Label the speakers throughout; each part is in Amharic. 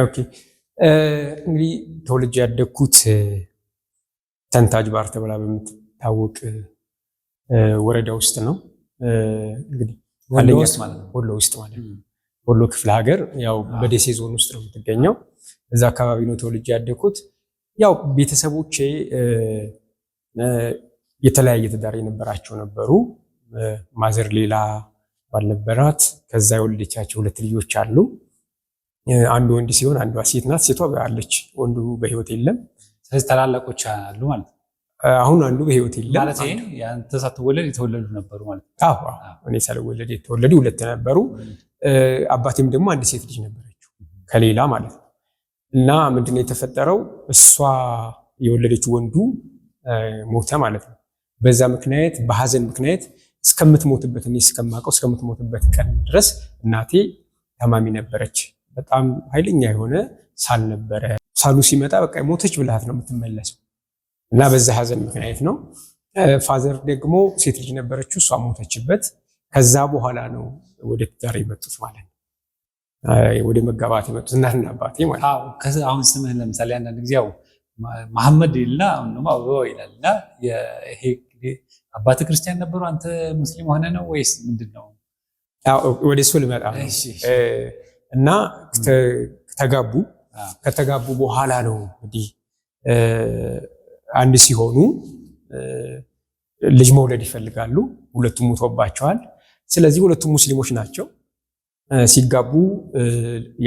Speaker 1: ኦኬ እንግዲህ ተወልጄ ያደግኩት ተንታጅ ባር ተብላ በምትታወቅ ወረዳ ውስጥ ነው። እንግዲህ ወሎ ውስጥ ማለት ነው። ወሎ ክፍለ ሀገር ያው በደሴ ዞን ውስጥ ነው የምትገኘው። እዛ አካባቢ ነው ተወልጄ ያደግኩት። ያው ቤተሰቦቼ የተለያየ ትዳር የነበራቸው ነበሩ። ማዘር ሌላ ባልነበራት ከዛ የወለደቻቸው ሁለት ልጆች አሉ። አንዱ ወንድ ሲሆን አንዷ ሴት ናት። ሴቷ አለች፣ ወንዱ በህይወት የለም።
Speaker 2: ስለዚህ ታላላቆች አሉ ማለት ነው።
Speaker 1: አሁን አንዱ በህይወት የለም
Speaker 2: ማለት ሳትወለድ የተወለዱ ነበሩ ማለት
Speaker 1: ነው። አዎ እኔ ሳልወለድ የተወለዱ ሁለት ነበሩ። አባቴም ደግሞ አንድ ሴት ልጅ ነበረችው ከሌላ ማለት ነው። እና ምንድን ነው የተፈጠረው? እሷ የወለደችው ወንዱ ሞተ ማለት ነው። በዛ ምክንያት በሀዘን ምክንያት እስከምትሞትበት እኔ እስከማውቀው እስከምትሞትበት ቀን ድረስ እናቴ ታማሚ ነበረች። በጣም ኃይለኛ የሆነ ሳል ነበረ። ሳሉ ሲመጣ በቃ ሞተች ብልሃት ነው የምትመለሰው እና በዛ ሀዘን ምክንያት ነው። ፋዘር ደግሞ ሴት ልጅ ነበረችው፣ እሷ ሞተችበት። ከዛ በኋላ ነው ወደ ትዳር የመጡት ማለት ነው ወደ መጋባት የመጡት እናትና አባቴ
Speaker 2: ማለት ነው። አሁን ስምህን ለምሳሌ አንዳንድ ጊዜ ያው መሐመድ ይልና አሁን አበባ ይላል እና አባተ ክርስቲያን ነበሩ። አንተ ሙስሊም ሆነ ነው ወይስ ምንድን ነው?
Speaker 1: ወደ እሱ ልመጣ ነው እና ተጋቡ። ከተጋቡ በኋላ ነው እንግዲህ አንድ ሲሆኑ ልጅ መውለድ ይፈልጋሉ። ሁለቱም ሙቶባቸዋል። ስለዚህ ሁለቱም ሙስሊሞች ናቸው። ሲጋቡ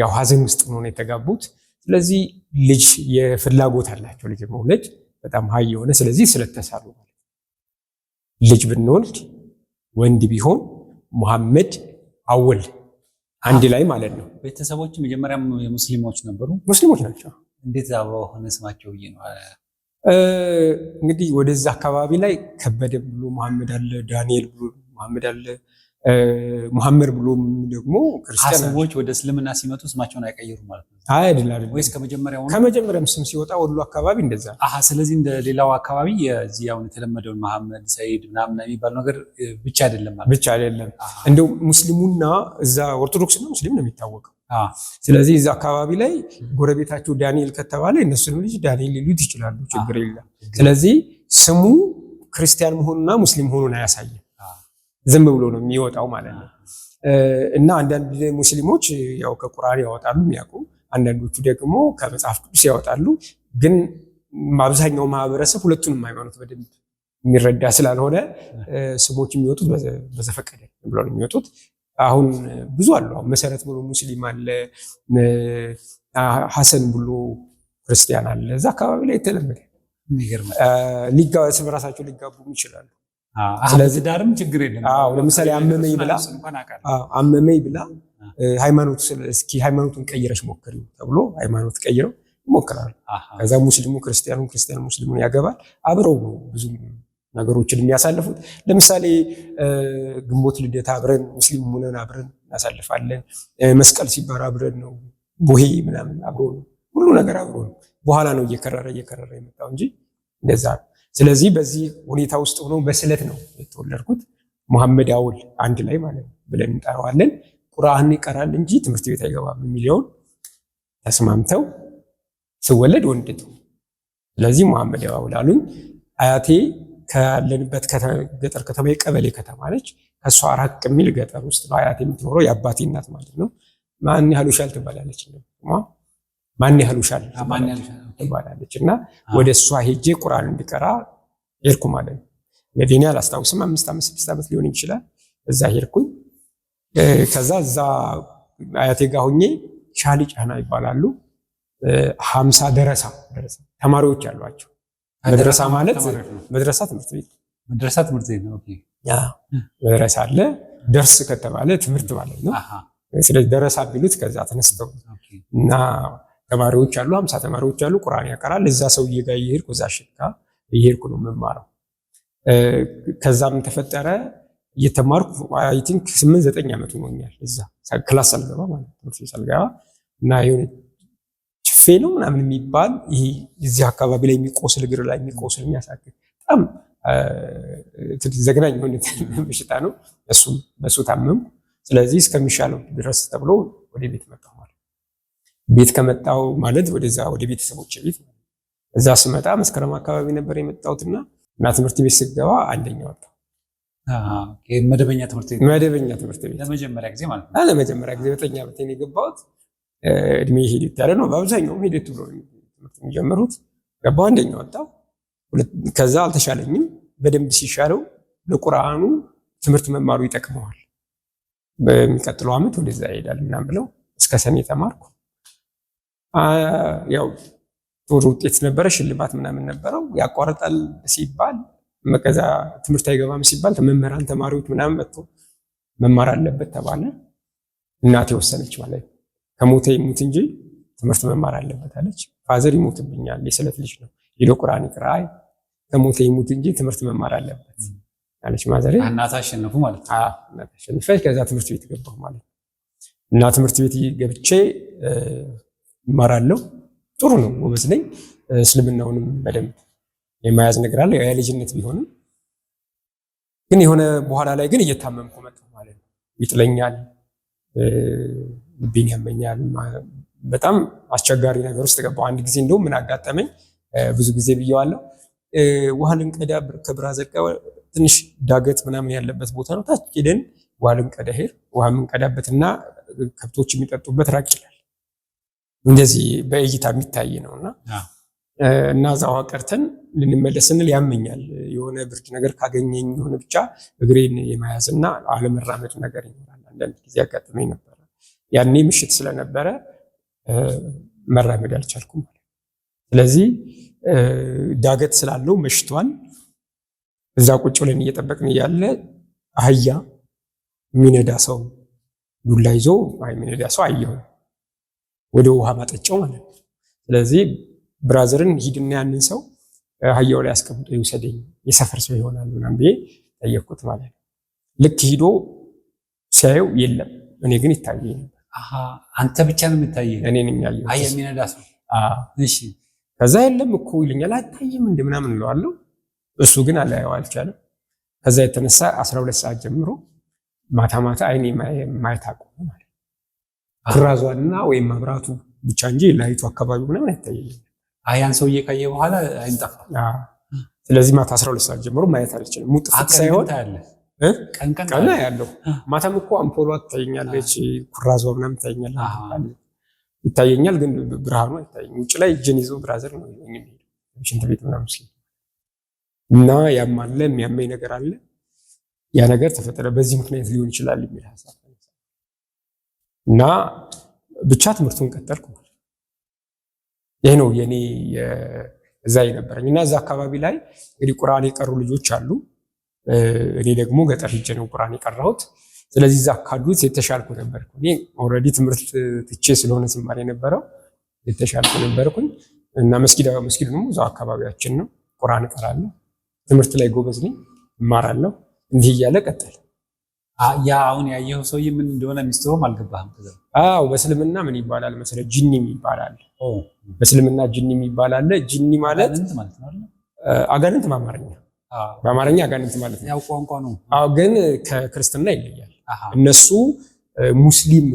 Speaker 1: ያው ሀዘን ውስጥ ነው የተጋቡት። ስለዚህ ልጅ የፍላጎት አላቸው ልጅ መውለድ በጣም ሀይ የሆነ ስለዚህ ስለተሳሉ ልጅ ብንወልድ ወንድ ቢሆን ሙሐመድ አወል አንድ ላይ ማለት ነው።
Speaker 2: ቤተሰቦች መጀመሪያም ሙስሊሞች ነበሩ። ሙስሊሞች ናቸው። እንዴት ዛባ ሆነ ስማቸው ብዬ ነው።
Speaker 1: እንግዲህ ወደዛ አካባቢ ላይ ከበደ ብሎ መሐመድ አለ፣ ዳንኤል ብሎ መሐመድ አለ፣ ሙሐመድ ብሎም ደግሞ
Speaker 2: ሰዎች ወደ እስልምና ሲመጡ ስማቸውን አይቀይሩም ማለት ነው። አይደል አይደል? ወይስ ከመጀመሪያው
Speaker 1: ከመጀመሪያም ስም ሲወጣ ወሎ አካባቢ እንደዛ።
Speaker 2: አሃ ስለዚህ እንደ ሌላው አካባቢ የዚህ አሁን የተለመደውን መሐመድ ሰይድ ምናምን የሚባል ነገር ብቻ አይደለም ማለት
Speaker 1: ብቻ አይደለም። እንደው ሙስሊሙና እዛ ኦርቶዶክስና ሙስሊም ነው የሚታወቀው። ስለዚህ እዛ አካባቢ ላይ ጎረቤታቸው ዳንኤል ከተባለ እነሱንም ልጅ ዳንኤል ሊሉት ይችላሉ። ችግር የለም። ስለዚህ ስሙ ክርስቲያን መሆኑና ሙስሊም መሆኑን አያሳይም። ዝም ብሎ ነው የሚወጣው ማለት ነው። እና አንዳንድ ሙስሊሞች ያው ከቁርአን ያወጣሉ የሚያውቁ፣ አንዳንዶቹ ደግሞ ከመጽሐፍ ቅዱስ ያወጣሉ። ግን አብዛኛው ማህበረሰብ ሁለቱንም ሃይማኖት በደንብ የሚረዳ ስላልሆነ ስሞች የሚወጡት በዘፈቀደ ብሎ ነው የሚወጡት። አሁን ብዙ አሉ። አሁን መሰረት ብሎ ሙስሊም አለ፣ ሀሰን ብሎ ክርስቲያን አለ። እዛ አካባቢ ላይ የተለመደ ሊጋ እርስ ሊጋቡም ይችላሉ።
Speaker 2: ስለዚህ ዳርም ችግር የለም።
Speaker 1: አዎ ለምሳሌ አመመኝ ብላ አመመኝ ብላ ሃይማኖት እስኪ ሃይማኖቱን ቀይረሽ ሞክሪ ተብሎ ሃይማኖት ቀይረው ይሞክራል። ከዛ ሙስሊሙ ክርስቲያኑ ክርስቲያን ሙስሊሙን ያገባል። አብረው ነው ብዙ ነገሮችን የሚያሳልፉት። ለምሳሌ ግንቦት ልደት አብረን ሙስሊም ሆነን አብረን እናሳልፋለን። መስቀል ሲባል አብረን ነው። ቦሄ ምናምን አብሮ ነው። ሁሉ ነገር አብሮ ነው። በኋላ ነው እየከረረ እየከረረ የመጣው እንጂ እንደዛ ነው። ስለዚህ በዚህ ሁኔታ ውስጥ ሆኖ በስለት ነው የተወለድኩት። መሐመድ አውል አንድ ላይ ማለት ነው ብለን እንጠራዋለን። ቁርአን ይቀራል እንጂ ትምህርት ቤት አይገባም የሚለውን ተስማምተው ስወለድ ወንድ ነው። ስለዚህ መሐመድ አውል አሉኝ። አያቴ ካለንበት ገጠር ከተማ የቀበሌ ከተማ ነች። ከእሷ ራቅ የሚል ገጠር ውስጥ ነው አያቴ የምትኖረው፣ የአባቴ እናት ማለት ነው። ማን ያህል ውሻል ትባላለች። ማን ያህል ውሻል ትባላለች እና ወደ እሷ ሄጄ ቁርአን እንድቀራ ሄድኩ ማለት ነው። እንግዲህ እኔ አላስታውስም፣ አምስት አምስት ስድስት ዓመት ሊሆን ይችላል። እዛ ሄድኩኝ። ከዛ እዛ አያቴ ጋር ሁኜ ሻሊ ጫና ይባላሉ ሀምሳ ደረሳ ደረሳ ተማሪዎች ያሏቸው መድረሳ ማለት መድረሳ ትምህርት ቤት
Speaker 2: መድረሳ ትምህርት ቤት ነው።
Speaker 1: መድረሳ አለ ደርስ ከተባለ ትምህርት ማለት ነው። ስለዚህ ደረሳ ቢሉት ከዛ ተነስተው እና ተማሪዎች አሉ፣ ሀምሳ ተማሪዎች አሉ። ቁርአን ያቀራል። እዛ ሰውዬ ጋር እየሄድኩ እዛ ሽካ እየሄድኩ ነው የምማረው። ከዛም ተፈጠረ እየተማርኩ አይ ቲንክ ስምንት ዘጠኝ ዓመት ሆኖኛል። እዛ ክላስ አልገባ ማለት ትምህርት አልገባ እና የሆነ ችፌ ነው ምናምን የሚባል ይሄ እዚህ አካባቢ ላይ የሚቆስል እግር ላይ የሚቆስል የሚያሳክል በጣም ዘግናኝ የሆነ በሽታ ነው። እሱ ታመምኩ። ስለዚህ እስከሚሻለው ድረስ ተብሎ ወደ ቤት መጣሁ። ቤት ከመጣው ማለት ወደዛ ወደ ቤተሰቦች ቤት እዛ ስመጣ መስከረም አካባቢ ነበር የመጣሁትና እና ትምህርት ቤት ስገባ አንደኛ ወጣሁ።
Speaker 2: መደበኛ ትምህርት ቤት
Speaker 1: መደበኛ ትምህርት ቤት
Speaker 2: ለመጀመሪያ ጊዜ ማለት
Speaker 1: ነው። ለመጀመሪያ ጊዜ ዘጠነኛ ዓመት የገባሁት። እድሜ ሂደት ያለ ነው። በአብዛኛውም ሂደት ብሎ ትምህርት የሚጀምሩት ገባሁ፣ አንደኛ ወጣሁ። ከዛ አልተሻለኝም። በደንብ ሲሻለው ለቁርአኑ ትምህርት መማሩ ይጠቅመዋል፣ በሚቀጥለው ዓመት ወደዛ ይሄዳል ምናምን ብለው እስከ ሰኔ ተማርኩ። ያው ጥሩ ውጤት ነበረ፣ ሽልማት ምናምን ነበረው። ያቋርጣል ሲባል መቀዛ ትምህርት አይገባም ሲባል መምህራን ተማሪዎች ምናምን መጥቶ መማር አለበት ተባለ። እናቴ ወሰነች ማለት ነው። ከሞተ ይሙት እንጂ ትምህርት መማር አለበት አለች። ፋዘር ይሞትብኛል፣ የስለት ልጅ ነው፣ ሄዶ ቁርአን ይቅራ። ከሞተ ይሙት እንጂ ትምህርት መማር አለበት አለች ማዘሬ።
Speaker 2: እናት አሸነፉ ማለት
Speaker 1: እናት አሸነፈች። ከዛ ትምህርት ቤት ገባሁ ማለት እና ትምህርት ቤት ገብቼ እማራለሁ። ጥሩ ነው፣ ጎበዝ ነኝ። እስልምናውንም በደንብ የማያዝ ነገር አለ። የልጅነት ቢሆንም ግን የሆነ በኋላ ላይ ግን እየታመምኩ መጣሁ ማለት ነው። ይጥለኛል፣ ልቤን ያመኛል። በጣም አስቸጋሪ ነገር ውስጥ ገባሁ። አንድ ጊዜ እንደውም ምን አጋጠመኝ፣ ብዙ ጊዜ ብየዋለሁ። ውሃ ልንቀዳ ከብራዘር ትንሽ ዳገት ምናምን ያለበት ቦታ ነው። ታች ሄደን ውሃ ልንቀዳ ሄድ ውሃ የምንቀዳበትና ከብቶች የሚጠጡበት ራቅ ይላል። እንደዚህ በእይታ የሚታይ ነው እና እና እዛው ቀርተን ልንመለስ ስንል ያመኛል። የሆነ ብርድ ነገር ካገኘኝ የሆነ ብቻ እግሬን የመያዝ እና አለመራመድ ነገር ይኖራል። አንዳንድ ጊዜ አጋጥመኝ ነበረ። ያኔ ምሽት ስለነበረ መራመድ አልቻልኩም። ስለዚህ ዳገት ስላለው መሽቷን እዛ ቁጭ ብለን እየጠበቅን እያለ አህያ የሚነዳ ሰው ዱላ ይዞ የሚነዳ ሰው አየሁን። ወደ ውሃ ማጠጫው ማለት ነው። ስለዚህ ብራዘርን ሂድና ያንን ሰው አህያው ላይ አስቀምጦ ይውሰደኝ የሰፈር ሰው ይሆናል ምናምን ብዬ ጠየቅኩት ማለት ነው። ልክ ሂዶ ሲያየው የለም፣ እኔ ግን ይታየኝ ነበር።
Speaker 2: አንተ ብቻ ነው የምታየኝ? እኔን የሚያየው አህያ የሚነዳ ሰው። እሺ
Speaker 1: ከዛ የለም እኮ ይልኛል። አይታይም እንደ ምናምን እለዋለሁ። እሱ ግን አላየው አልቻለም። ከዛ የተነሳ አስራ ሁለት ሰዓት ጀምሮ ማታ ማታ አይኔ ማየት አቆመ ማለት ነው። አራዟና ወይም መብራቱ ብቻ እንጂ ላይቱ አካባቢ ምናምን አይታየኝም።
Speaker 2: አያን ሰው ካየ በኋላ አይንጠፋ።
Speaker 1: ስለዚህ ማታ 12 ሰዓት ጀምሮ ማየት አልችልም።
Speaker 2: ሙጥ ፍት ሳይሆን ቀን ቀን ያለው
Speaker 1: ማታም እኮ አምፖሏ ትታየኛለች፣ ኩራዟ ምናምን ትታየኛለች ይታየኛል ግን ብርሃኑ አይታየኝም። ውጭ ላይ እጅን ይዞ ብራዘር ነው ሽንት ቤት ምናምን ሲል እና ያም አለ የሚያመኝ ነገር አለ። ያ ነገር ተፈጠረ በዚህ ምክንያት ሊሆን ይችላል የሚል ሀሳብ እና ብቻ ትምህርቱን ቀጠልኩ። ይህ ነው የኔ እዛ የነበረኝ እና እዛ አካባቢ ላይ እንግዲህ ቁርአን የቀሩ ልጆች አሉ። እኔ ደግሞ ገጠር ልጅ ነው ቁርአን የቀራሁት። ስለዚህ እዛ ካሉት የተሻልኩ ነበርኩ። እኔ ኦልሬዲ ትምህርት ትቼ ስለሆነ ስማር የነበረው የተሻልኩ ነበርኩኝ እና መስጊዳ መስጊዱ ደግሞ እዛው አካባቢያችን ነው። ቁርአን እቀራለሁ። ትምህርት ላይ ጎበዝ ነኝ፣ እማራለሁ። እንዲህ እያለ ቀጠል
Speaker 2: ያ አሁን ያየው ሰውዬ ምን እንደሆነ ሚስጥሩም አልገባህም።
Speaker 1: አዎ በእስልምና ምን ይባላል መሰለህ? ጂኒ ይባላል። በእስልምና ጂኒ ይባላል። ጅኒ ማለት አጋንንት በአማርኛ በአማርኛ አጋንንት ማለት
Speaker 2: ነው። ያው ቋንቋ ነው።
Speaker 1: አዎ ግን ከክርስትና ይለያል። እነሱ ሙስሊም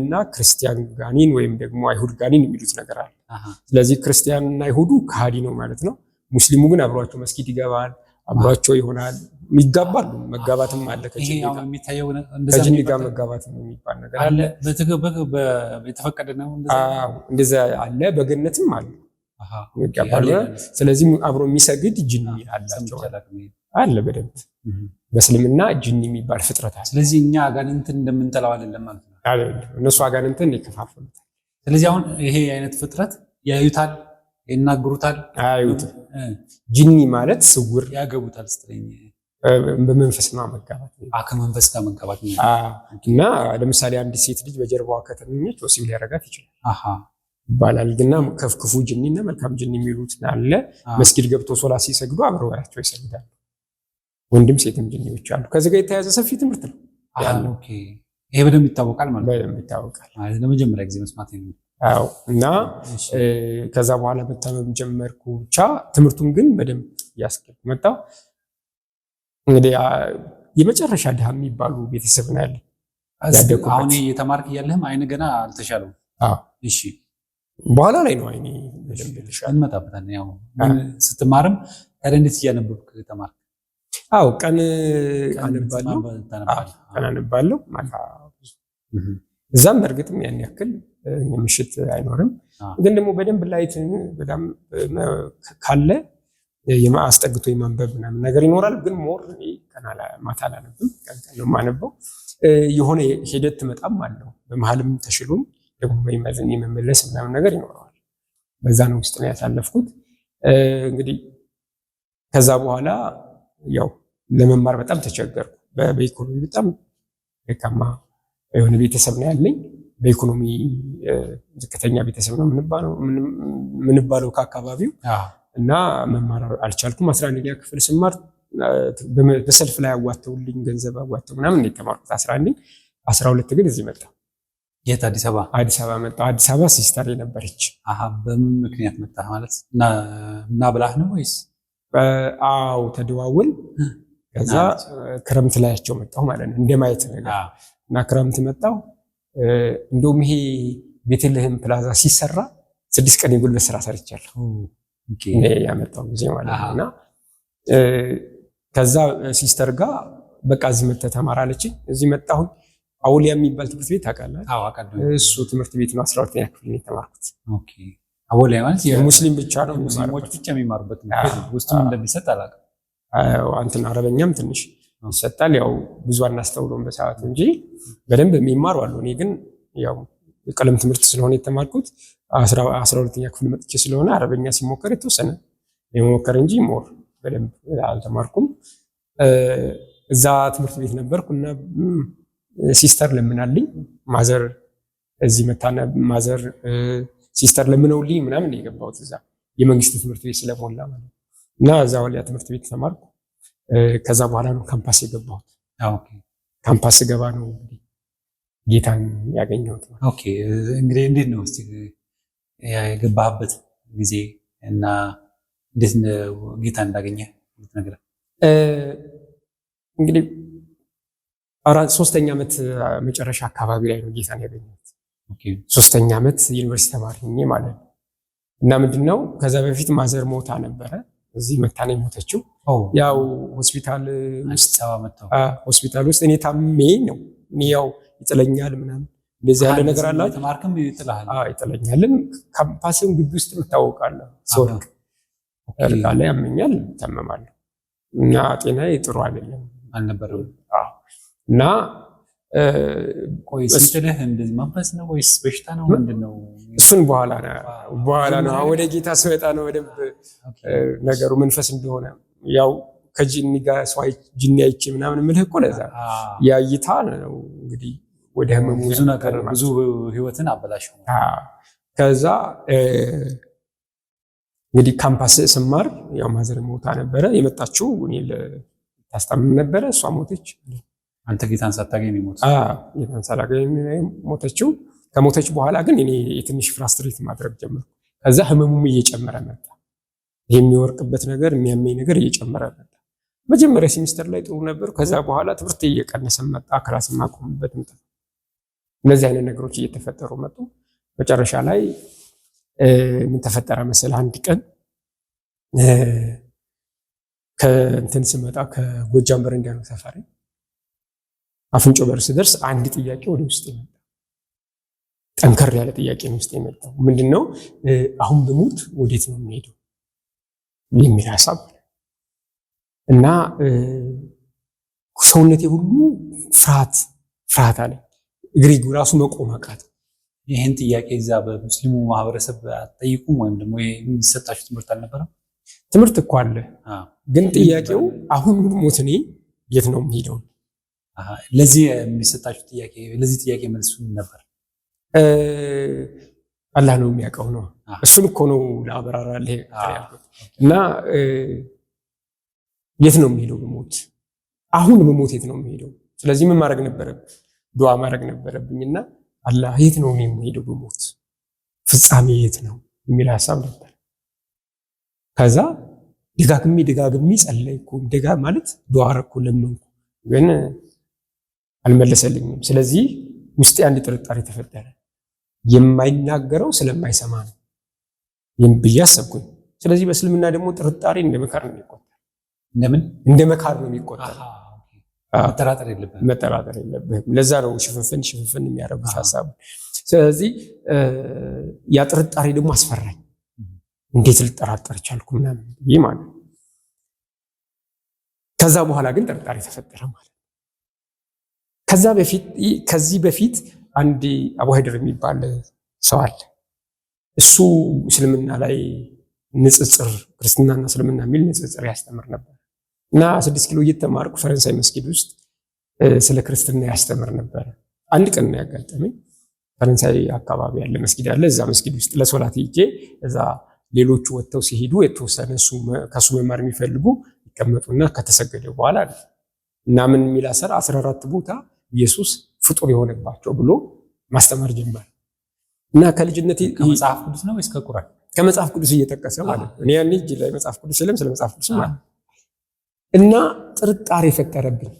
Speaker 1: እና ክርስቲያን ጋኔን ወይም ደግሞ አይሁድ ጋኔን የሚሉት ነገር አለ። ስለዚህ ክርስቲያንና አይሁዱ ከሃዲ ነው ማለት ነው። ሙስሊሙ ግን አብሯቸው መስጊድ ይገባል፣ አብሯቸው ይሆናል ይጋባሉ። መጋባትም አለ ከጅኒ ጋር መጋባት የሚባል
Speaker 2: ነገር አለ። የተፈቀደ ነው
Speaker 1: እንደዛ አለ። በገነትም አለ ይጋባሉ። ስለዚህ አብሮ የሚሰግድ ጅኒ አላቸው አለ በደንብ በእስልምና ጅኒ የሚባል ፍጥረት አለ።
Speaker 2: ስለዚህ እኛ አጋንንትን እንደምንጠላው አይደለም ማለት
Speaker 1: ነው። እነሱ አጋንንትን ይከፋፈሉታል።
Speaker 2: ስለዚህ አሁን ይሄ አይነት ፍጥረት ያዩታል፣ ይናገሩታል። አያዩትም። ጅኒ ማለት ስውር ያገቡታል ስትለኝ
Speaker 1: በመንፈስና መጋባት
Speaker 2: ከመንፈስ ጋር መጋባት
Speaker 1: እና ለምሳሌ አንድ ሴት ልጅ በጀርባዋ ከተመኘች ወሲብ ሊያረጋት ይችላል ይባላል። ግና ከፍክፉ ጅኒ እና መልካም ጅኒ የሚሉት አለ። መስጊድ ገብቶ ሶላ ሲሰግዱ አብረው ያቸው ይሰግዳሉ። ወንድም ሴትም ጅኒዎች አሉ። ከዚህ ጋር የተያዘ ሰፊ ትምህርት
Speaker 2: ነው ይሄ በደንብ ይታወቃል ማለት
Speaker 1: በደንብ ይታወቃል።
Speaker 2: ለመጀመሪያ ጊዜ መስማት ነው።
Speaker 1: አዎ እና ከዛ በኋላ መታመም ጀመርኩ። ብቻ ትምህርቱን ግን በደንብ እያስገቡ መጣ እንግዲህ የመጨረሻ ድሃ የሚባሉ ቤተሰብ ነው ያለ።
Speaker 2: አሁን የተማርክ እያለህም አይን ገና አልተሻለም። እሺ
Speaker 1: በኋላ ላይ ነው አይኔ እንመጣበታለን።
Speaker 2: ያው ስትማርም ታዲያ እንዴት እያነበብክ ተማርክ?
Speaker 1: አዎ ቀን አነባለሁ ማታ ብዙ እዛም በእርግጥም ያን ያክል ምሽት አይኖርም። ግን ደግሞ በደንብ ላይትን በጣም ካለ አስጠግቶ የማንበብ ምናምን ነገር ይኖራል። ግን ሞር ማታ አላነብም፣ ቀን ቀን ነው የማነበው። የሆነ ሂደት መጣም አለው በመሀልም ተሽሉም ደግሞ በይመዝን የመመለስ ምናምን ነገር ይኖረዋል። በዛ ነው ውስጥ ነው ያሳለፍኩት። እንግዲህ ከዛ በኋላ ያው ለመማር በጣም ተቸገርኩ። በኢኮኖሚ በጣም ደካማ የሆነ ቤተሰብ ነው ያለኝ። በኢኮኖሚ ዝቅተኛ ቤተሰብ ነው ምንባለው ከአካባቢው እና መማር አልቻልኩም። አስራ አንደኛ ክፍል ስማር በሰልፍ ላይ አዋተውልኝ ገንዘብ አዋተው ምናምን የተማርኩት አስራ አንደኝ አስራ ሁለት ግን እዚህ መጣ። የት? አዲስ አበባ አዲስ አበባ መጣ። አዲስ አበባ ሲስተር የነበረች
Speaker 2: በምን ምክንያት መጣ ማለት እና ብላህ ነው ወይስ?
Speaker 1: አዎ ተደዋውል። ከዛ ክረምት ላያቸው መጣሁ ማለት ነው እንደማየት ነገር እና ክረምት መጣሁ። እንደውም ይሄ ቤተልሔም ፕላዛ ሲሰራ ስድስት ቀን የጉልበት ስራ ሰርቻለሁ። እኔ ያመጣው ጊዜ ማለት ነው። እና ከዛ ሲስተር ጋር በቃ እዚህ መተህ ተማራለችኝ። እዚህ መጣሁኝ። አውሊያ የሚባል ትምህርት ቤት ታውቃለህ? እሱ ትምህርት ቤት ነው። አስራ ሁለተኛ ክፍል ነው የተማርኩት። አውሊያ ማለት የሙስሊም ብቻ ነው ሙስሊሞች ብቻ
Speaker 2: የሚማሩበት ውስጥም እንደሚሰጥ አላውቅም።
Speaker 1: እንትን አረበኛም ትንሽ ይሰጣል። ያው ብዙ አናስተውለውም በሰዓቱ እንጂ በደንብ የሚማሩ አሉ። እኔ ግን ያው ቀለም ትምህርት ስለሆነ የተማርኩት አስራ ሁለተኛ ክፍል መጥቼ ስለሆነ አረበኛ ሲሞከር የተወሰነ የመሞከር እንጂ ሞር በደንብ አልተማርኩም። እዛ ትምህርት ቤት ነበርኩ እና ሲስተር ለምናልኝ ማዘር እዚህ መታነ ማዘር ሲስተር ለምነውልኝ ምናምን የገባሁት እዛ የመንግስት ትምህርት ቤት ስለሞላ ማለት እና እዛ ወልያ ትምህርት ቤት ተማርኩ። ከዛ በኋላ ነው ካምፓስ የገባሁት። ካምፓስ ገባ ነው እንግዲህ ጌታን ያገኘሁት።
Speaker 2: ኦኬ እንግዲህ እንዴት ነው እስቲ የገባህበት ጊዜ እና እንዴት ጌታ እንዳገኘ ነገር
Speaker 1: እንግዲህ አራት ሶስተኛ ዓመት መጨረሻ አካባቢ ላይ ነው ጌታን ያገኘሁት። ሶስተኛ ዓመት ዩኒቨርሲቲ ተማሪ ሆኜ ማለት ነው። እና ምንድን ነው ከዛ በፊት ማዘር ሞታ ነበረ። እዚህ መታ ነው የሞተችው። ያው ሆስፒታል ውስጥ ሆስፒታል ውስጥ እኔ ታሜ ነው ያው ይጥለኛል ምናምን እንደዚህ ያለ ነገር አለ። ማርክም ይጥላል። አዎ ይጥለኛልም። ካምፓስም ግቢ ውስጥ የምታወቃለሁ። ሰውልክ ላይ ያመኛል፣ ታመማለሁ እና ጤናዬ ጥሩ አይደለም አልነበረም። አዎ
Speaker 2: እንደዚህ መንፈስ ነው ወይስ በሽታ ነው? ምንድን ነው? እሱን በኋላ
Speaker 1: በኋላ ነው ወደ ጌታ ስመጣ ነው በደንብ ነገሩ መንፈስ እንደሆነ ያው ከጅኒ ጋር ሰው ጅኒ አይቼ ምናምን ምልህ እኮ ለዛ ያ ነው እንግዲህ
Speaker 2: ወደ ህመሙ ብዙ ነገር ብዙ ህይወትን አበላሽ።
Speaker 1: ከዛ እንግዲህ ካምፓስ ስማር ያው ማዘር ሞታ ነበረ የመጣችው። እኔ ታስታምም ነበረ፣ እሷ ሞተች።
Speaker 2: አንተ ጌታን ሳታገኝ
Speaker 1: ጌታን ሳታገኝ ሞተችው። ከሞተች በኋላ ግን እኔ የትንሽ ፍራስትሬት ማድረግ ጀመርኩ። ከዛ ህመሙም እየጨመረ መጣ። የሚወርቅበት ነገር የሚያመኝ ነገር እየጨመረ መጣ። መጀመሪያ ሴሚስተር ላይ ጥሩ ነበር። ከዛ በኋላ ትምህርት እየቀነሰ መጣ። ክላስ የማቆምበት መጣ። እነዚህ አይነት ነገሮች እየተፈጠሩ መጡ። መጨረሻ ላይ ምን ተፈጠረ አንድ ቀን ከእንትን ስመጣ ከጎጃም በረንዳ ነው ሰፈሬ። አፍንጮ በር ስደርስ አንድ ጥያቄ ወደ ውስጥ ይመጣ፣ ጠንከር ያለ ጥያቄ ነው ውስጥ የመጣው ምንድን ነው? አሁን ብሞት ወዴት ነው የሚሄደው የሚል ሀሳብ እና ሰውነቴ ሁሉ ፍርሃት ፍርሃት አለኝ ግሪጉ ራሱ መቆም አቃት።
Speaker 2: ይህን ጥያቄ እዛ በሙስሊሙ ማህበረሰብ አትጠይቁም ወይም ደግሞ የሚሰጣችሁ ትምህርት አልነበረም?
Speaker 1: ትምህርት እኮ አለ፣ ግን ጥያቄው አሁን ሞት እኔ የት ነው የሚሄደው?
Speaker 2: ለዚህ የሚሰጣችሁ ጥያቄ ለዚህ ጥያቄ መልሱ ምን ነበር?
Speaker 1: አላህ ነው የሚያውቀው ነው። እሱን እኮ ነው ለአበራራ እና የት ነው የሚሄደው በሞት አሁን በሞት የት ነው የሚሄደው? ስለዚህ ምን ማድረግ ነበረብህ? ዱዓ ማድረግ ነበረብኝና አላህ የት ነው እኔ የምሄደው በሞት ፍጻሜ የት ነው የሚል ሀሳብ ነበር። ከዛ ደጋግሜ ደጋግሜ ጸለይኩ። ደጋ ማለት ዱዓ አረኩ፣ ለመንኩ፣ ግን አልመለሰልኝም። ስለዚህ ውስጤ አንድ ጥርጣሬ ተፈጠረ። የማይናገረው ስለማይሰማ ነው ይህም ብዬ አሰብኩኝ። ስለዚህ በእስልምና ደግሞ ጥርጣሬ እንደ መካር ነው የሚቆጠር። እንደምን እንደ መካር ነው የሚቆጠር
Speaker 2: መጠራጠር የለብህም
Speaker 1: መጠራጠር የለብህም። ለዛ ነው ሽፍንፍን ሽፍንፍን የሚያደርጉት ሀሳቡ። ስለዚህ ያ ጥርጣሬ ደግሞ አስፈራኝ። እንዴት ልጠራጠር ቻልኩ ምናምን ይህ ማለት ከዛ በኋላ ግን ጥርጣሬ ተፈጠረ ማለት ከዛ በፊት ከዚህ በፊት አንድ አቡሃይደር የሚባል ሰው አለ። እሱ እስልምና ላይ ንጽጽር ክርስትናና እስልምና የሚል ንጽጽር ያስተምር ነበር። እና ስድስት ኪሎ እየተማርኩ ፈረንሳይ መስጊድ ውስጥ ስለ ክርስትና ያስተምር ነበረ። አንድ ቀን ነው ያጋጠመኝ። ፈረንሳይ አካባቢ ያለ መስጊድ አለ። እዛ መስጊድ ውስጥ ለሶላት ሄጄ እዛ ሌሎቹ ወጥተው ሲሄዱ የተወሰነ ከሱ መማር የሚፈልጉ ይቀመጡና ከተሰገደ በኋላ እና ምን የሚል አሰር አስራ አራት ቦታ ኢየሱስ ፍጡር የሆነባቸው ብሎ ማስተማር ጀመር እና ከልጅነት ከመጽሐፍ ቅዱስ ነው ወይስ ከቁራን? ከመጽሐፍ ቅዱስ እየጠቀሰ ማለት ነው። እኔ ያኔ እጅ ላይ መጽሐፍ ቅዱስ የለም። ስለ መጽሐፍ ቅዱስ ማለት ነው እና ጥርጣሬ ፈጠረብኝ።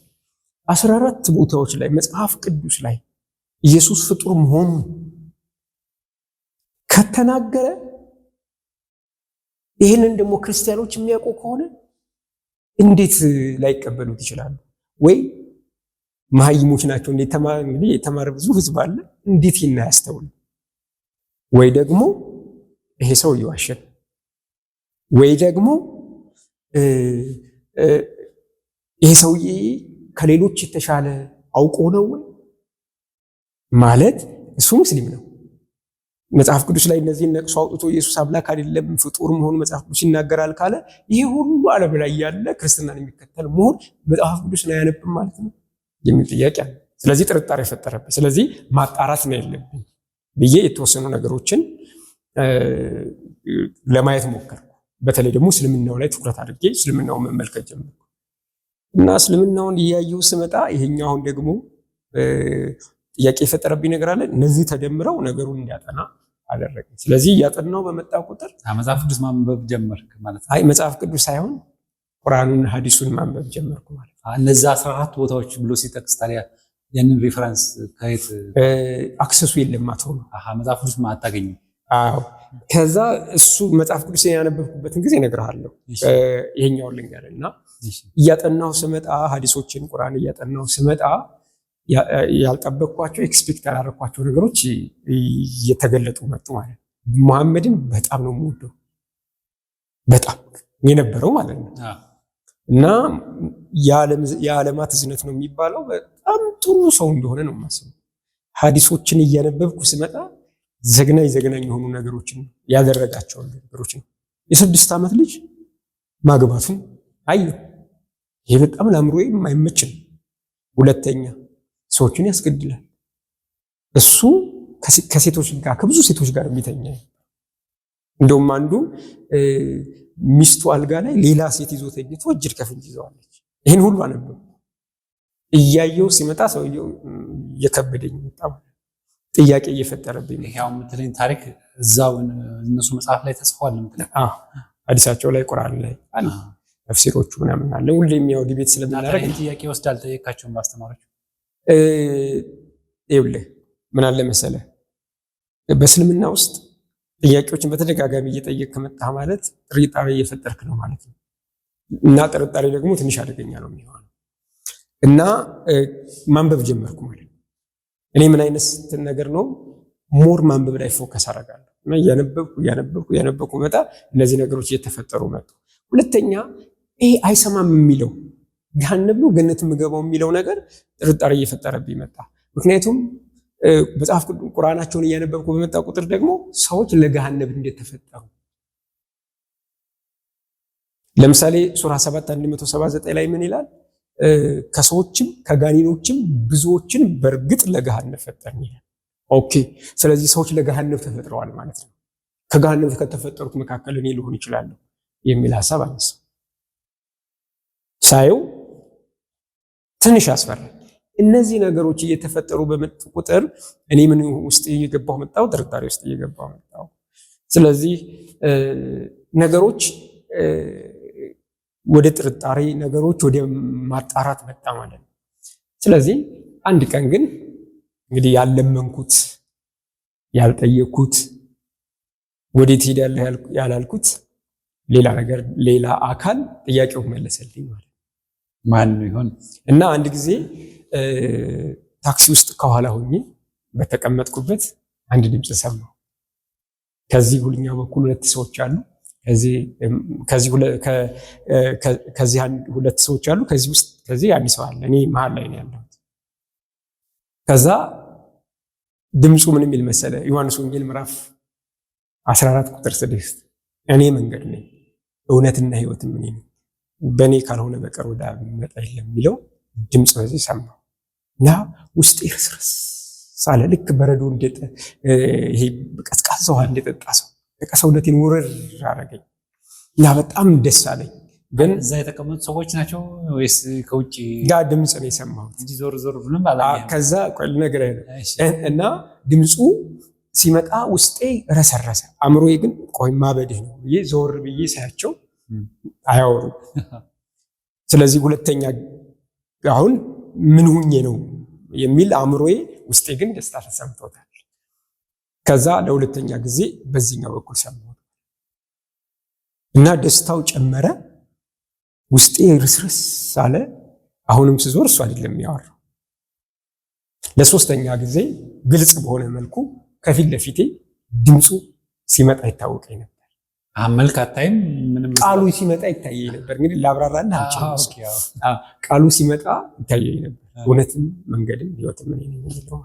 Speaker 1: አስራ አራት ቦታዎች ላይ መጽሐፍ ቅዱስ ላይ ኢየሱስ ፍጡር መሆኑን ከተናገረ ይህንን ደግሞ ክርስቲያኖች የሚያውቁ ከሆነ እንዴት ላይቀበሉት ይችላሉ? ወይ መሀይሞች ናቸው። እንግዲህ የተማረ ብዙ ህዝብ አለ። እንዴት ይና ያስተውል? ወይ ደግሞ ይሄ ሰው እየዋሸን፣ ወይ ደግሞ ይሄ ሰውዬ ከሌሎች የተሻለ አውቆ ነው ወይ ማለት እሱ ሙስሊም ነው። መጽሐፍ ቅዱስ ላይ እነዚህን ነቅሶ አውጥቶ ኢየሱስ አምላክ አይደለም ፍጡር መሆኑ መጽሐፍ ቅዱስ ይናገራል ካለ ይሄ ሁሉ ዓለም ላይ ያለ ክርስትናን የሚከተል መሆን መጽሐፍ ቅዱስ ላይ አያነብም ማለት ነው የሚል ጥያቄ አለ። ስለዚህ ጥርጣሬ የፈጠረበት ስለዚህ ማጣራት ነው የለብኝ ብዬ የተወሰኑ ነገሮችን ለማየት ሞከር በተለይ ደግሞ እስልምናው ላይ ትኩረት አድርጌ እስልምናውን መመልከት ጀመርኩ እና እስልምናውን እያየሁ ስመጣ ይሄኛው አሁን ደግሞ ጥያቄ የፈጠረብኝ ነገር አለ። እነዚህ ተደምረው ነገሩን እንዲያጠና አደረገ። ስለዚህ እያጠናው በመጣ ቁጥር
Speaker 2: መጽሐፍ ቅዱስ ማንበብ ጀመርክ ማለት ነው?
Speaker 1: አይ መጽሐፍ ቅዱስ ሳይሆን ቁርአኑን ሀዲሱን ማንበብ ጀመርኩ ማለት
Speaker 2: ነው። እነዛ አስራ አራት ቦታዎች ብሎ ሲጠቅስ ታዲያ ያንን ሪፈረንስ ከየት
Speaker 1: አክሰሱ የለም አትሆኑ
Speaker 2: መጽሐፍ ቅዱስ አታገኝም
Speaker 1: አዎ ከዛ እሱ መጽሐፍ ቅዱስ ያነበብኩበትን ጊዜ እነግርሃለሁ። ይሄኛውን ልንገር እና እያጠናው ስመጣ ሀዲሶችን ቁርአን እያጠናው ስመጣ ያልጠበቅኳቸው ኤክስፔክት ያላረኳቸው ነገሮች እየተገለጡ መጡ። ማለት መሐመድን በጣም ነው የምወደው በጣም የነበረው ማለት ነው እና የዓለማት እዝነት ነው የሚባለው በጣም ጥሩ ሰው እንደሆነ ነው የማስበው። ሀዲሶችን እያነበብኩ ስመጣ ዘግናኝ ዘግናኝ የሆኑ ነገሮችን ያደረጋቸው ነገሮች ነው። የስድስት ዓመት ልጅ ማግባቱን አየሁ። ይህ በጣም ለአእምሮ የማይመች ነው። ሁለተኛ ሰዎችን ያስገድላል። እሱ ከሴቶች ጋር ከብዙ ሴቶች ጋር የሚተኛ እንደውም አንዱ ሚስቱ አልጋ ላይ ሌላ ሴት ይዞ ተኝቶ እጅድ ከፍንጅ ይዘዋለች። ይህን ሁሉ አነበብኩ። እያየው ሲመጣ ሰውየው እየከበደኝ በጣም ጥያቄ እየፈጠረብኝ ይሄ አሁን
Speaker 2: የምትለኝ ታሪክ እዛው እነሱ መጽሐፍ ላይ ተጽፏል።
Speaker 1: አዲሳቸው ላይ ቁርአን ላይ ተፍሲሮቹ ምናምን አለ። ሁሌም ያው ዲቤት
Speaker 2: ስለምናደርግ ጥያቄ ወስድ አልጠየቃቸውም ማስተማሮች።
Speaker 1: ይኸውልህ ምን አለ መሰለ በእስልምና ውስጥ ጥያቄዎችን በተደጋጋሚ እየጠየቅ ከመጣ ማለት ጥርጣሬ እየፈጠርክ ነው ማለት ነው። እና ጥርጣሬ ደግሞ ትንሽ አደገኛ ነው የሚሆነው እና ማንበብ ጀመርኩ ማለት ነው እኔ ምን አይነት ስትል ነገር ነው ሞር ማንበብ ላይ ፎከስ አደርጋለሁ እና እያነበብኩ እያነበብኩ እያነበብኩ መጣ። እነዚህ ነገሮች እየተፈጠሩ መጡ። ሁለተኛ ይሄ አይሰማም የሚለው ገሃነም ነው ገነት የምገባው የሚለው ነገር ጥርጣሬ እየፈጠረብኝ መጣ። ምክንያቱም መጽሐፍ ቁርአናቸውን እያነበብኩ በመጣ ቁጥር ደግሞ ሰዎች ለገሃነብ እንዴት ተፈጠሩ ለምሳሌ ሱራ 7 179 ላይ ምን ይላል? ከሰዎችም ከጋኔኖችም ብዙዎችን በእርግጥ ለገሃነም ፈጠርን ይላል። ኦኬ ስለዚህ ሰዎች ለገሃነም ተፈጥረዋል ማለት ነው። ከገሃነም ከተፈጠሩት መካከል እኔ ልሆን ይችላለሁ የሚል ሀሳብ አነሳ። ሳየው ትንሽ ያስፈራል። እነዚህ ነገሮች እየተፈጠሩ በመጡ ቁጥር እኔ ምን ውስጥ እየገባሁ መጣሁ? ጥርጣሬ ውስጥ እየገባሁ መጣሁ። ስለዚህ ነገሮች ወደ ጥርጣሬ ነገሮች ወደ ማጣራት መጣ ማለት ነው። ስለዚህ አንድ ቀን ግን እንግዲህ ያልለመንኩት ያልጠየኩት ወዴት ሄዳለህ ያላልኩት ሌላ ነገር ሌላ አካል ጥያቄው መለሰልኝ ማለት ማን ይሆን እና አንድ ጊዜ ታክሲ ውስጥ ከኋላ ሆኜ በተቀመጥኩበት አንድ ድምፅ ሰማሁ። ከዚህ ሁለኛ በኩል ሁለት ሰዎች አሉ ከዚህ ሁለት ሰዎች አሉ። ከዚህ ውስጥ ከዚህ አንድ ሰው አለ። እኔ መሀል ላይ ነው ያለሁት። ከዛ ድምፁ ምን የሚል መሰለ? ዮሐንስ ወንጌል ምዕራፍ 14 ቁጥር 6 እኔ መንገድ ነኝ እውነትና ህይወት እኔ ነኝ፣ በእኔ ካልሆነ በቀር ወደ አብ የሚመጣ የለም የሚለው ድምፅ በዚህ ሰማሁ እና ውስጤ ርስርስ ሳለ ልክ በረዶ ይሄ ቀዝቃዛ ውሃ እንደጠጣ ሰው በቃ ሰውነቴን ውርር አደረገኝ እና በጣም ደስ አለኝ። ግን እዛ የተቀመጡ ሰዎች ናቸው ወይስ ከውጭ ጋር ድምፅ ነው የሰማሁት? ዞር ዞር ብሎም ከዛ ቆል ነገር እና ድምፁ ሲመጣ ውስጤ ረሰረሰ፣ አእምሮዬ ግን ቆይ ማበድህ ነው ብዬ ዞር ብዬ ሳያቸው አያወሩ። ስለዚህ ሁለተኛ አሁን ምን ሁኜ ነው የሚል አእምሮዬ፣ ውስጤ ግን ደስታ ተሰምቶታል። ከዛ ለሁለተኛ ጊዜ በዚህኛው በኩል ሰማሁት እና ደስታው ጨመረ። ውስጤ ርስርስ አለ። አሁንም ስዞር እሱ አይደለም የሚያወራው ለሶስተኛ ጊዜ ግልጽ በሆነ መልኩ ከፊት ለፊቴ ድምፁ ሲመጣ ይታወቀኝ ነበር። መልክ አታይም፣ ቃሉ ሲመጣ ይታየኝ ነበር። እንግዲህ ላብራራና ቃሉ ሲመጣ ይታየኝ ነበር። እውነትም መንገድም ህይወትም እኔ የሚለው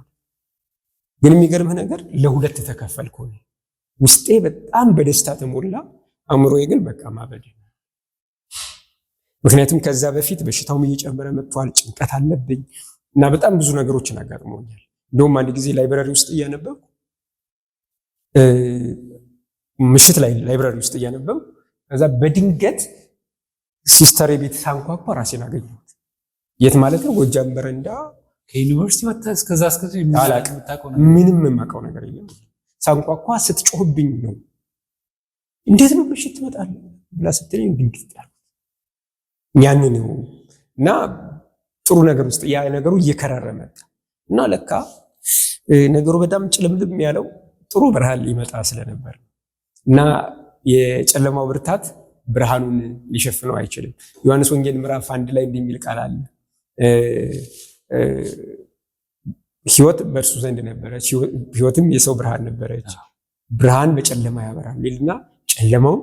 Speaker 1: ግን የሚገርምህ ነገር ለሁለት ተከፈልኩ። ውስጤ በጣም በደስታ ተሞላ፣ አእምሮዬ ግን በቃ ማበድ። ምክንያቱም ከዛ በፊት በሽታውም እየጨመረ መጥቷል፣ ጭንቀት አለብኝ እና በጣም ብዙ ነገሮችን አጋጥመውኛል። እንደውም አንድ ጊዜ ላይብራሪ ውስጥ እያነበብኩ ምሽት ላይ ላይብራሪ ውስጥ እያነበብኩ ከዛ በድንገት ሲስተር ቤት ሳንኳኳ ራሴን አገኘሁት። የት ማለት ነው? ጎጃም በረንዳ ከዩኒቨርሲቲ ወጥተህ እስከዛ ምንም የማውቀው ነገር የለም። ሳንቋኳ ስትጮህብኝ ነው እንዴት ነው ብሽ ትመጣለህ ብላ ስትለኝ ድንግጥ ያልኩት ያንን እና ጥሩ ነገር ውስጥ ያ ነገሩ እየከረረ መጣ እና ለካ ነገሩ በጣም ጭልምልም ያለው ጥሩ ብርሃን ሊመጣ ስለነበር እና የጨለማው ብርታት ብርሃኑን ሊሸፍነው አይችልም። ዮሐንስ ወንጌል ምዕራፍ አንድ ላይ እንደሚል ቃል አለ ህይወት በእርሱ ዘንድ ነበረች፣ ህይወትም የሰው ብርሃን ነበረች፣ ብርሃን በጨለማ ያበራል ሚልና ጨለማው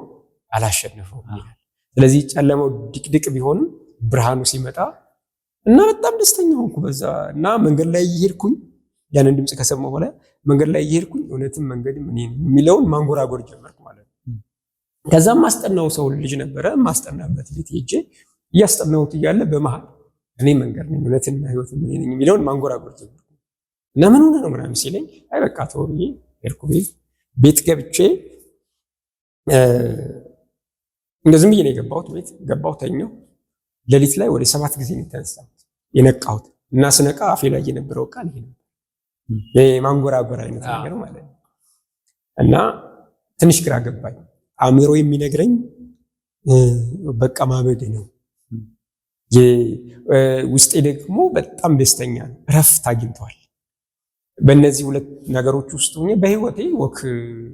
Speaker 1: አላሸነፈው ይላል። ስለዚህ ጨለማው ድቅድቅ ቢሆንም ብርሃኑ ሲመጣ እና በጣም ደስተኛ ሆንኩ በዛ እና መንገድ ላይ እየሄድኩኝ ያንን ድምፅ ከሰማሁ በኋላ መንገድ ላይ እየሄድኩኝ እውነትም መንገድ የሚለውን ማንጎራጎር ጀመርኩ ማለት ነው። ከዛም ማስጠናው ሰው ልጅ ነበረ ማስጠናበት ቤት ሄጄ እያስጠናሁት እያለ በመሀል እኔ መንገድ ነኝ እውነትና ህይወት ምን ነኝ የሚለውን ማንጎራጎር ጀምር እና ምን ሆነ ነው ምናምን ሲለኝ አይ በቃ ተው ሄድኩ። ቤት ቤት ገብቼ እንደዚህም ብዬ ነው የገባሁት። ቤት ገባሁ፣ ተኛሁ። ሌሊት ላይ ወደ ሰባት ጊዜ ነው የተነሳሁት የነቃሁት እና ስነቃ አፌ ላይ የነበረው ቃል ይሄ ነው የማንጎራጎር አይነት ነገር ማለት ነው እና ትንሽ ግራ ገባኝ። አእምሮ የሚነግረኝ በቃ ማበድ ነው ውስጤ ደግሞ በጣም ደስተኛ ነው፣ እረፍት አግኝተዋል። በእነዚህ ሁለት ነገሮች ውስጥ ሆኜ በህይወቴ ወክ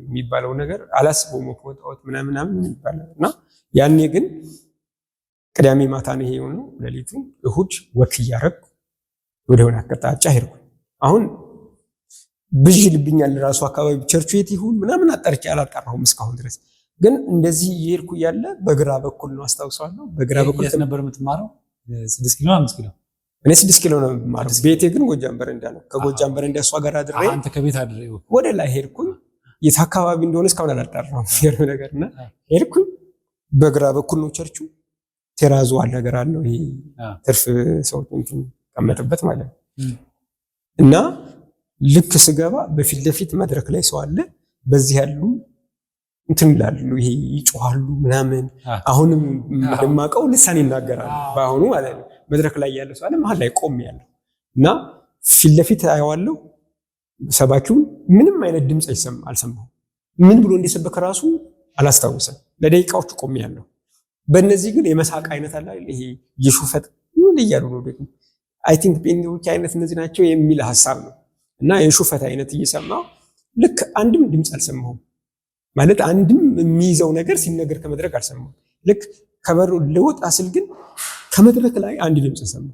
Speaker 1: የሚባለው ነገር አላስበውም። ወክ ወጣሁት ምናምን ምናምን ይባላል እና ያኔ ግን ቅዳሜ ማታ ነው ይሄ የሆነው። ሌሊቱን እሁድ ወክ እያረግኩ ወደሆነ አቅጣጫ ሄድኩ። አሁን ብዥ ልብኛል ራሱ አካባቢ ቸርቹ የት ይሁን ምናምን አጠርቼ አላጣራሁም እስካሁን ድረስ። ግን እንደዚህ እየሄድኩ እያለ በግራ በኩል ነው አስታውሰዋለሁ። በግራ በኩል ነበር የምትማረው ስድስት ኪሎ አምስት ኪሎ እኔ ስድስት ኪሎ ነው ማለት ቤቴ ግን ጎጃም በረንዳ ነው። ከጎጃም በረንዳ እሷ ጋር አድሬ አንተ ከቤት አድሬ ወደ ላይ ሄድኩኝ። የት አካባቢ እንደሆነ እስካሁን አላጣራሁም ነገር እና ሄድኩኝ። በግራ በኩል ነው ቸርቹ። ቴራዙ አለ ነገር አለው ይሄ ትርፍ ሰዎች እንትን ቀመጥበት ማለት ነው። እና ልክ ስገባ በፊት ለፊት መድረክ ላይ ሰው አለ። በዚህ ያሉ እንትን ይላሉ፣ ይሄ ይጮሃሉ ምናምን። አሁንም የማውቀው ልሳን ይናገራሉ። በአሁኑ ማለት ነው መድረክ ላይ ያለው ሰው አለ መሀል ላይ ቆም ያለው እና ፊት ለፊት አየዋለሁ። ሰባኪውን ምንም አይነት ድምፅ አልሰማሁም። ምን ብሎ እንዲሰበክ ራሱ አላስታውሰም። ለደቂቃዎች ቆም ያለው በእነዚህ ግን የመሳቅ አይነት አለ ይሄ የሹፈት ምን እያሉ ነው ደግሞ አይ ቲንክ ጴንጤዎች አይነት እነዚህ ናቸው የሚል ሀሳብ ነው እና የሹፈት አይነት እየሰማ ልክ አንድም ድምፅ አልሰማሁም። ማለት አንድም የሚይዘው ነገር ሲነገር ከመድረክ አልሰማም። ልክ ከበሩ ልወጣ ስል ግን ከመድረክ ላይ አንድ ድምፅ ሰማ።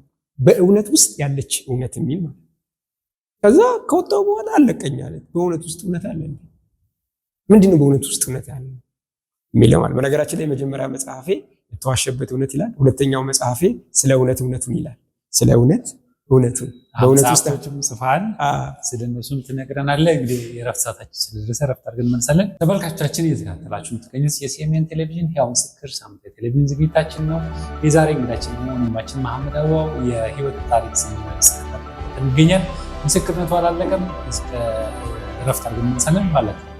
Speaker 1: በእውነት ውስጥ ያለች እውነት የሚል ማለት ከዛ ከወጣው በኋላ አለቀኛለ። በእውነት ውስጥ እውነት አለ። ምንድነው በእውነት ውስጥ እውነት ያለ የሚለው ማለት። በነገራችን ላይ የመጀመሪያ መጽሐፌ የተዋሸበት እውነት ይላል። ሁለተኛው መጽሐፌ ስለ እውነት እውነቱን ይላል። ስለ እውነት እውነቱን በሁለት ውስጣችሁም ጽፋል። ስለነሱም ትነግረናለህ። እንግዲህ የረፍት ሰዓታችን ስለደረሰ ረፍት አድርገን እንመልሳለን። ተመልካቾቻችን እየተከታተላችሁ የምትገኙት የሲኤምኤን ቴሌቪዥን ሕያው ምስክር ሳምንታዊ ቴሌቪዥን ዝግጅታችን ነው። የዛሬ እንግዳችን ደግሞ ወንድማችን መሐመድ አበባው የህይወት ታሪክ ስንመለስበት እንገኛል። ምስክርነቱ አላለቀም። እስከ ረፍት አድርገን እንመልሳለን ማለት ነው።